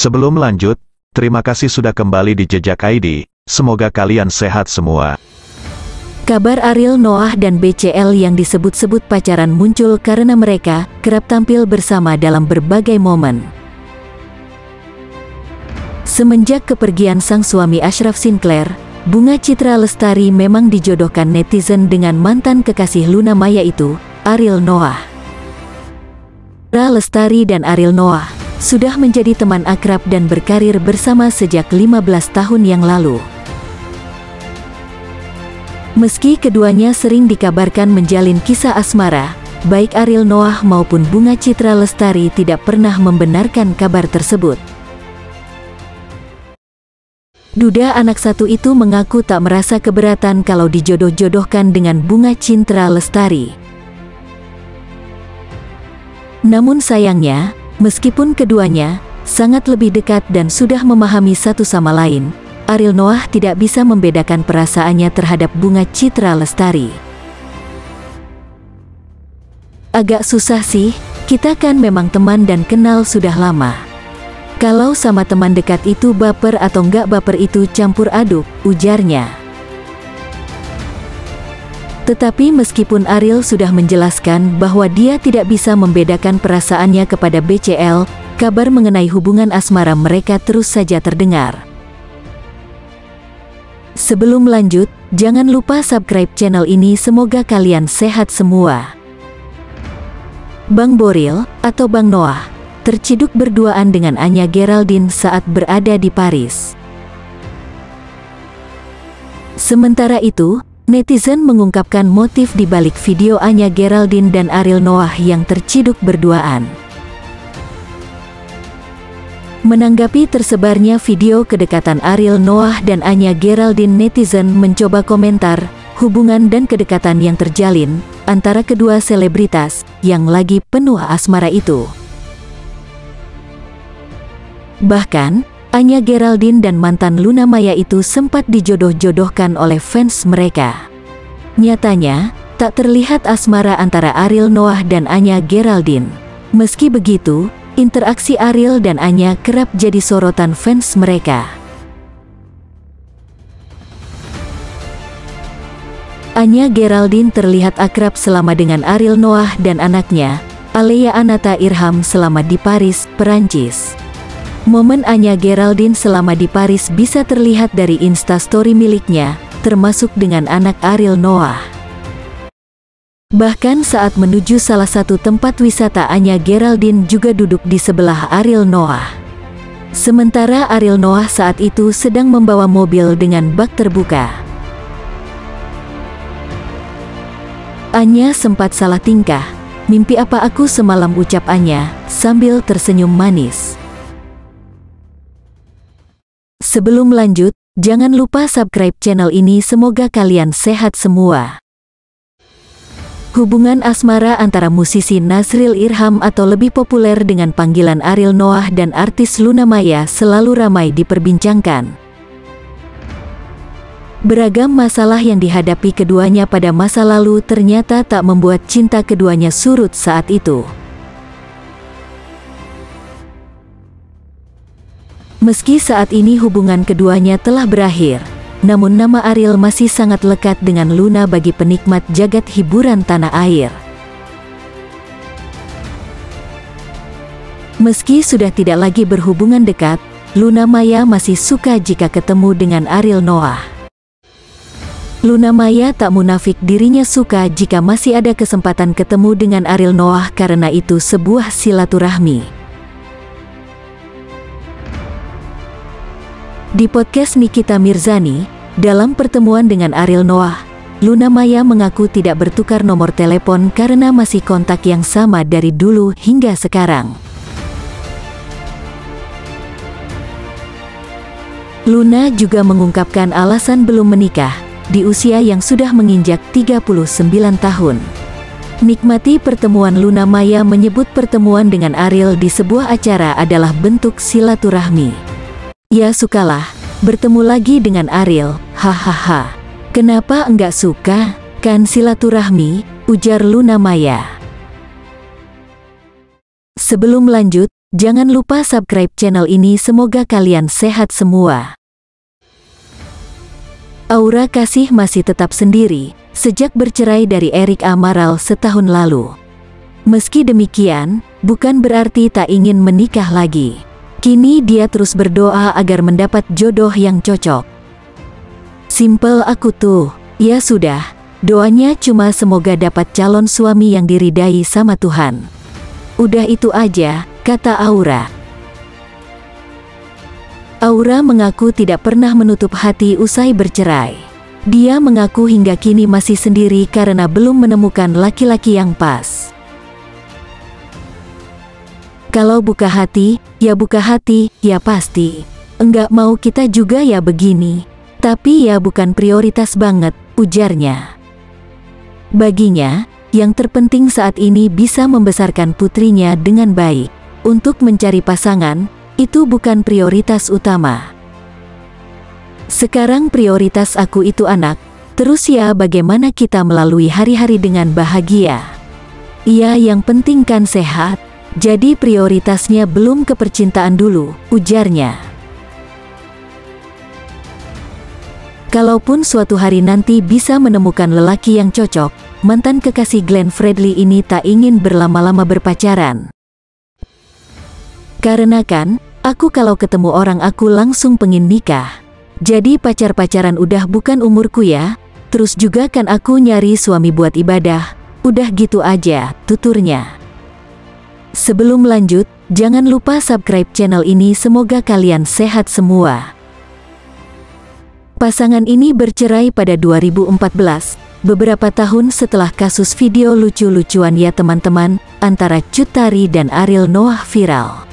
Sebelum lanjut, terima kasih sudah kembali di Jejak ID, semoga kalian sehat semua. Kabar Ariel Noah dan BCL yang disebut-sebut pacaran muncul karena mereka kerap tampil bersama dalam berbagai momen. Semenjak kepergian sang suami Ashraf Sinclair, Bunga Citra Lestari memang dijodohkan netizen dengan mantan kekasih Luna Maya itu, Ariel Noah. Ra Lestari dan Ariel Noah sudah menjadi teman akrab dan berkarir bersama sejak 15 tahun yang lalu. Meski keduanya sering dikabarkan menjalin kisah asmara, baik Ariel Noah maupun Bunga Citra Lestari tidak pernah membenarkan kabar tersebut. Duda anak satu itu mengaku tak merasa keberatan kalau dijodoh-jodohkan dengan Bunga Citra Lestari. Namun sayangnya, Meskipun keduanya sangat lebih dekat dan sudah memahami satu sama lain, Ariel Noah tidak bisa membedakan perasaannya terhadap bunga citra lestari. Agak susah sih, kita kan memang teman dan kenal sudah lama. Kalau sama teman dekat itu baper atau nggak baper itu campur aduk, ujarnya. Tetapi meskipun Ariel sudah menjelaskan bahwa dia tidak bisa membedakan perasaannya kepada BCL, kabar mengenai hubungan asmara mereka terus saja terdengar. Sebelum lanjut, jangan lupa subscribe channel ini semoga kalian sehat semua. Bang Boril, atau Bang Noah, terciduk berduaan dengan Anya Geraldine saat berada di Paris. Sementara itu, netizen mengungkapkan motif di balik video Anya Geraldine dan Ariel Noah yang terciduk berduaan. Menanggapi tersebarnya video kedekatan Ariel Noah dan Anya Geraldine netizen mencoba komentar, hubungan dan kedekatan yang terjalin antara kedua selebritas yang lagi penuh asmara itu. Bahkan, Anya Geraldine dan mantan Luna Maya itu sempat dijodoh-jodohkan oleh fans mereka. Nyatanya, tak terlihat asmara antara Ariel Noah dan Anya Geraldine. Meski begitu, interaksi Ariel dan Anya kerap jadi sorotan fans mereka. Anya Geraldine terlihat akrab selama dengan Ariel Noah dan anaknya, Alea Anata Irham selama di Paris, Perancis. Momen Anya Geraldine selama di Paris bisa terlihat dari instastory miliknya, termasuk dengan anak Ariel Noah. Bahkan saat menuju salah satu tempat wisata Anya Geraldine juga duduk di sebelah Ariel Noah. Sementara Ariel Noah saat itu sedang membawa mobil dengan bak terbuka. Anya sempat salah tingkah. Mimpi apa aku semalam ucap Anya, sambil tersenyum manis. Sebelum lanjut, jangan lupa subscribe channel ini semoga kalian sehat semua. Hubungan asmara antara musisi Nasril Irham atau lebih populer dengan panggilan Ariel Noah dan artis Luna Maya selalu ramai diperbincangkan. Beragam masalah yang dihadapi keduanya pada masa lalu ternyata tak membuat cinta keduanya surut saat itu. Meski saat ini hubungan keduanya telah berakhir, namun nama Ariel masih sangat lekat dengan Luna bagi penikmat jagat hiburan tanah air. Meski sudah tidak lagi berhubungan dekat, Luna Maya masih suka jika ketemu dengan Ariel Noah. Luna Maya tak munafik dirinya suka jika masih ada kesempatan ketemu dengan Ariel Noah karena itu sebuah silaturahmi. Di podcast Nikita Mirzani, dalam pertemuan dengan Ariel Noah, Luna Maya mengaku tidak bertukar nomor telepon karena masih kontak yang sama dari dulu hingga sekarang. Luna juga mengungkapkan alasan belum menikah di usia yang sudah menginjak 39 tahun. Nikmati pertemuan Luna Maya menyebut pertemuan dengan Ariel di sebuah acara adalah bentuk silaturahmi. Ya sukalah, bertemu lagi dengan Ariel, hahaha. Kenapa enggak suka? Kan silaturahmi, ujar Luna Maya. Sebelum lanjut, jangan lupa subscribe channel ini semoga kalian sehat semua. Aura kasih masih tetap sendiri, sejak bercerai dari Erik Amaral setahun lalu. Meski demikian, bukan berarti tak ingin menikah lagi. Kini dia terus berdoa agar mendapat jodoh yang cocok. Simple aku tuh, ya sudah, doanya cuma semoga dapat calon suami yang diridai sama Tuhan. Udah itu aja, kata Aura. Aura mengaku tidak pernah menutup hati usai bercerai. Dia mengaku hingga kini masih sendiri karena belum menemukan laki-laki yang pas. Kalau buka hati, ya buka hati, ya pasti. Enggak mau kita juga ya begini. Tapi ya bukan prioritas banget, ujarnya. Baginya, yang terpenting saat ini bisa membesarkan putrinya dengan baik. Untuk mencari pasangan, itu bukan prioritas utama. Sekarang prioritas aku itu anak, terus ya bagaimana kita melalui hari-hari dengan bahagia. Iya yang pentingkan sehat, jadi prioritasnya belum kepercintaan dulu, ujarnya. Kalaupun suatu hari nanti bisa menemukan lelaki yang cocok, mantan kekasih Glenn Fredly ini tak ingin berlama-lama berpacaran. Karena kan, aku kalau ketemu orang aku langsung pengin nikah. Jadi pacar-pacaran udah bukan umurku ya, terus juga kan aku nyari suami buat ibadah, udah gitu aja, tuturnya. Sebelum lanjut, jangan lupa subscribe channel ini semoga kalian sehat semua. Pasangan ini bercerai pada 2014, beberapa tahun setelah kasus video lucu-lucuan ya teman-teman, antara Cutari dan Ariel Noah viral.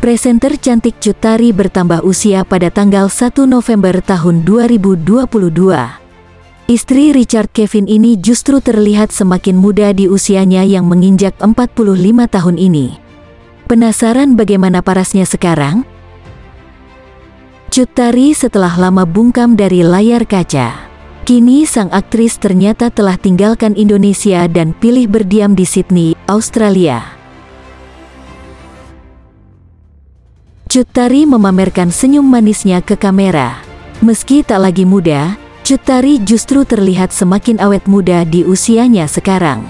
Presenter cantik Cutari bertambah usia pada tanggal 1 November tahun 2022. Istri Richard Kevin ini justru terlihat semakin muda di usianya yang menginjak 45 tahun ini. Penasaran bagaimana parasnya sekarang? Cut setelah lama bungkam dari layar kaca. Kini sang aktris ternyata telah tinggalkan Indonesia dan pilih berdiam di Sydney, Australia. Cut memamerkan senyum manisnya ke kamera. Meski tak lagi muda, Cut justru terlihat semakin awet muda di usianya sekarang.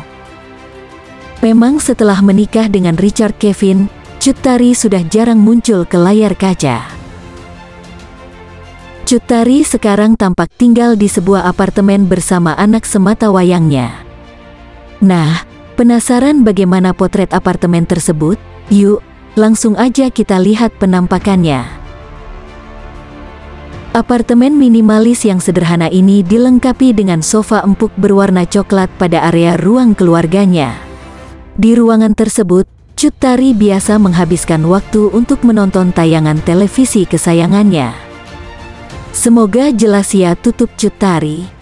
Memang setelah menikah dengan Richard Kevin, Cut sudah jarang muncul ke layar kaca. Cut sekarang tampak tinggal di sebuah apartemen bersama anak semata wayangnya. Nah, penasaran bagaimana potret apartemen tersebut? Yuk, langsung aja kita lihat penampakannya. Apartemen minimalis yang sederhana ini dilengkapi dengan sofa empuk berwarna coklat pada area ruang keluarganya. Di ruangan tersebut, Cut biasa menghabiskan waktu untuk menonton tayangan televisi kesayangannya. Semoga jelas ya tutup Cut